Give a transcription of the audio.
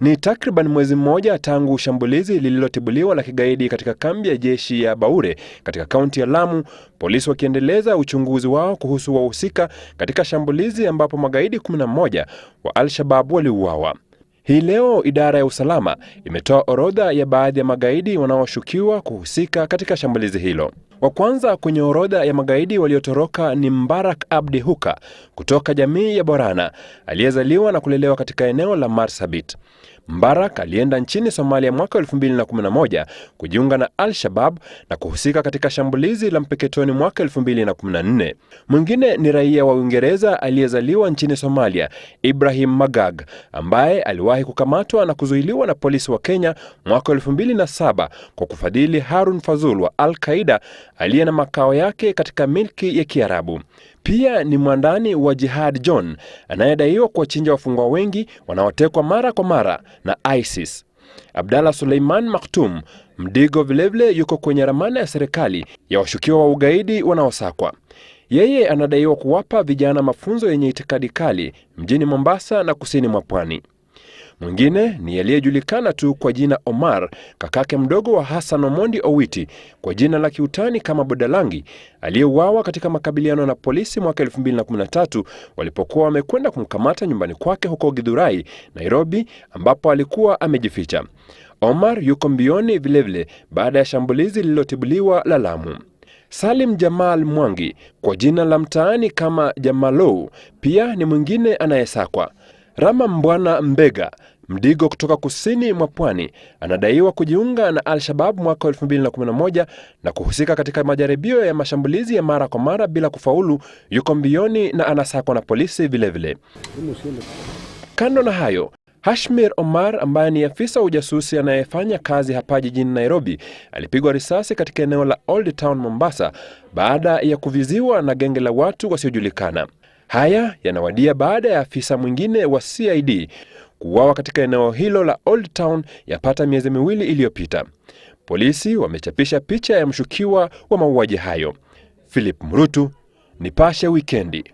Ni takriban mwezi mmoja tangu shambulizi lililotibuliwa la kigaidi katika kambi ya jeshi ya Baure katika kaunti ya Lamu, polisi wakiendeleza uchunguzi wao kuhusu wahusika katika shambulizi ambapo magaidi 11 wa Al-Shabaab waliuawa. Hii leo idara ya usalama imetoa orodha ya baadhi ya magaidi wanaoshukiwa kuhusika katika shambulizi hilo. Wa kwanza kwenye orodha ya magaidi waliotoroka ni Mbarak Abdi Huka kutoka jamii ya Borana aliyezaliwa na kulelewa katika eneo la Marsabit. Mbarak alienda nchini Somalia mwaka 2011 kujiunga na Al-Shabab na kuhusika katika shambulizi la Mpeketoni mwaka 2014. Mwingine ni raia wa Uingereza aliyezaliwa nchini Somalia, Ibrahim Magag, ambaye aliwahi kukamatwa na kuzuiliwa na polisi wa Kenya mwaka 2007 kwa kufadhili Harun Fazul wa Al-Qaida aliye na makao yake katika milki ya Kiarabu. Pia ni mwandani wa Jihad John anayedaiwa kuwachinja wafungwa wengi wanaotekwa mara kwa mara na ISIS. Abdallah Suleiman maktum Mdigo vilevile yuko kwenye ramana ya serikali ya washukiwa wa ugaidi wanaosakwa. Yeye anadaiwa kuwapa vijana mafunzo yenye itikadi kali mjini Mombasa na kusini mwa pwani. Mwingine ni aliyejulikana tu kwa jina Omar, kakake mdogo wa Hassan Omondi Owiti kwa jina la kiutani kama Bodalangi, aliyeuawa katika makabiliano na polisi mwaka 2013 walipokuwa wamekwenda kumkamata nyumbani kwake huko Githurai, Nairobi, ambapo alikuwa amejificha. Omar yuko mbioni vilevile baada ya shambulizi lililotibuliwa la Lamu. Salim Jamal Mwangi kwa jina la mtaani kama Jamalou pia ni mwingine anayesakwa. Rama Mbwana Mbega Mdigo kutoka kusini mwa pwani anadaiwa kujiunga na Al-Shabab mwaka 2011 na kuhusika katika majaribio ya mashambulizi ya mara kwa mara bila kufaulu. Yuko mbioni na anasakwa na polisi vilevile vile. Kando na hayo Hashmir Omar ambaye ni afisa wa ujasusi anayefanya kazi hapa jijini Nairobi alipigwa risasi katika eneo la Old Town Mombasa baada ya kuviziwa na genge la watu wasiojulikana. Haya yanawadia baada ya afisa mwingine wa CID kuuawa katika eneo hilo la Old Town yapata miezi miwili iliyopita. Polisi wamechapisha picha ya mshukiwa wa mauaji hayo. Philip Mrutu, Nipashe Wikendi.